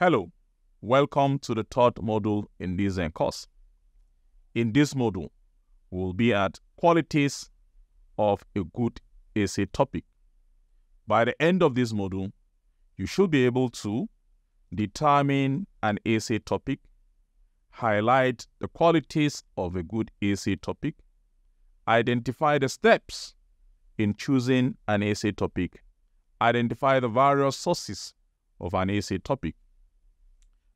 Hello, welcome to the third module in this course. In this module, we'll be at qualities of a good essay topic. By the end of this module, you should be able to determine an essay topic, highlight the qualities of a good essay topic, identify the steps in choosing an essay topic, identify the various sources of an essay topic,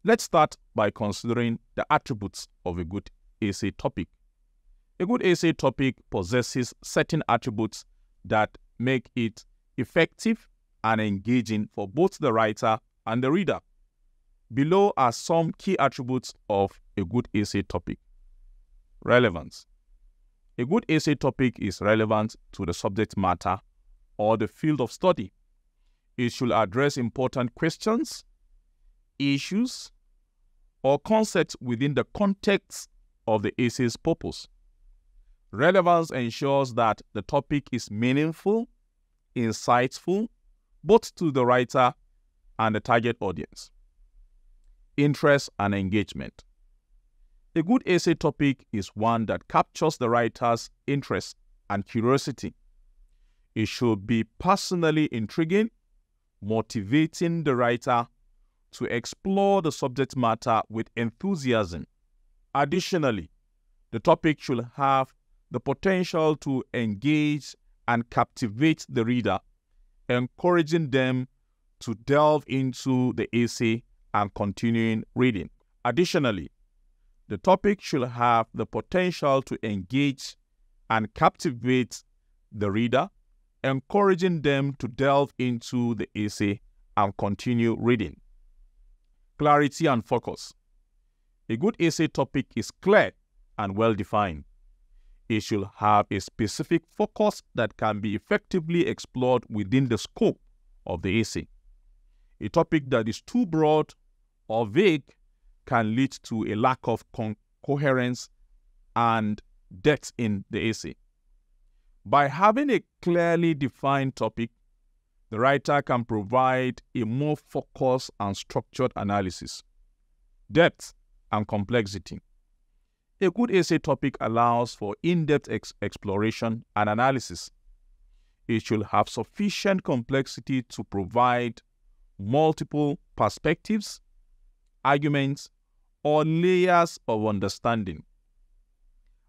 Let's start by considering the attributes of a good essay topic. A good essay topic possesses certain attributes that make it effective and engaging for both the writer and the reader. Below are some key attributes of a good essay topic. Relevance. A good essay topic is relevant to the subject matter or the field of study. It should address important questions, issues, or concepts within the context of the essay's purpose. Relevance ensures that the topic is meaningful, insightful, both to the writer and the target audience. Interest and engagement. A good essay topic is one that captures the writer's interest and curiosity. It should be personally intriguing, motivating the writer to explore the subject matter with enthusiasm. Additionally, the topic should have the potential to engage and captivate the reader, encouraging them to delve into the essay and continuing reading. Additionally, the topic should have the potential to engage and captivate the reader, encouraging them to delve into the essay and continue reading clarity and focus. A good essay topic is clear and well defined. It should have a specific focus that can be effectively explored within the scope of the essay. A topic that is too broad or vague can lead to a lack of coherence and depth in the essay. By having a clearly defined topic, the writer can provide a more focused and structured analysis, depth, and complexity. A good essay topic allows for in depth ex exploration and analysis. It should have sufficient complexity to provide multiple perspectives, arguments, or layers of understanding.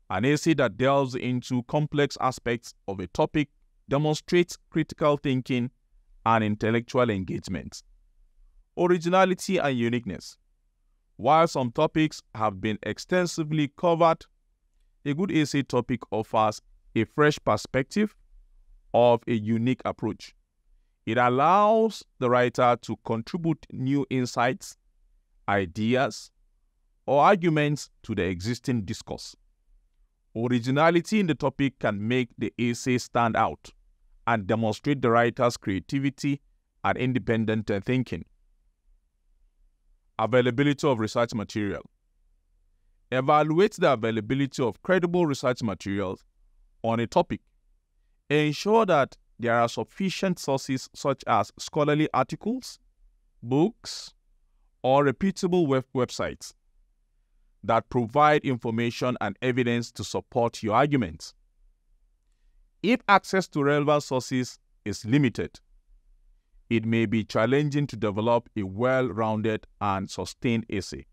An essay that delves into complex aspects of a topic demonstrates critical thinking and intellectual engagement. Originality and uniqueness. While some topics have been extensively covered, a good essay topic offers a fresh perspective of a unique approach. It allows the writer to contribute new insights, ideas, or arguments to the existing discourse. Originality in the topic can make the essay stand out and demonstrate the writer's creativity and independent thinking. Availability of research material. Evaluate the availability of credible research materials on a topic. Ensure that there are sufficient sources such as scholarly articles, books, or reputable web websites that provide information and evidence to support your arguments. If access to relevant sources is limited, it may be challenging to develop a well-rounded and sustained essay.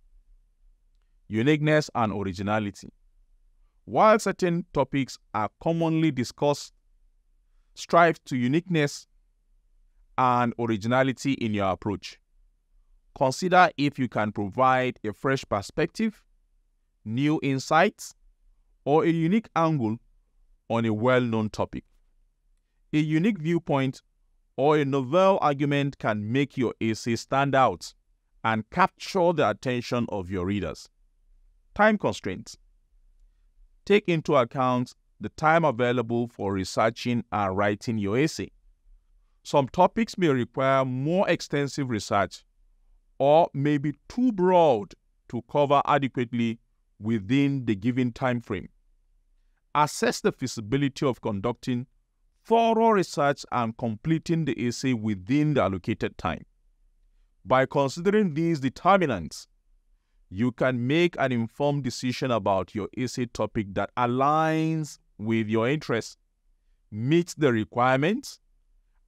Uniqueness and originality. While certain topics are commonly discussed, strive to uniqueness and originality in your approach. Consider if you can provide a fresh perspective, new insights, or a unique angle on a well known topic. A unique viewpoint or a novel argument can make your essay stand out and capture the attention of your readers. Time constraints. Take into account the time available for researching and writing your essay. Some topics may require more extensive research or may be too broad to cover adequately within the given time frame assess the feasibility of conducting thorough research and completing the essay within the allocated time. By considering these determinants, you can make an informed decision about your essay topic that aligns with your interests, meets the requirements,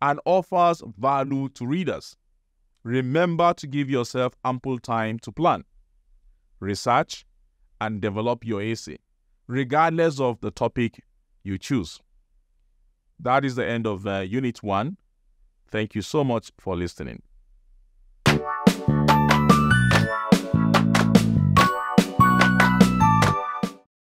and offers value to readers. Remember to give yourself ample time to plan, research, and develop your essay regardless of the topic you choose. That is the end of uh, Unit 1. Thank you so much for listening.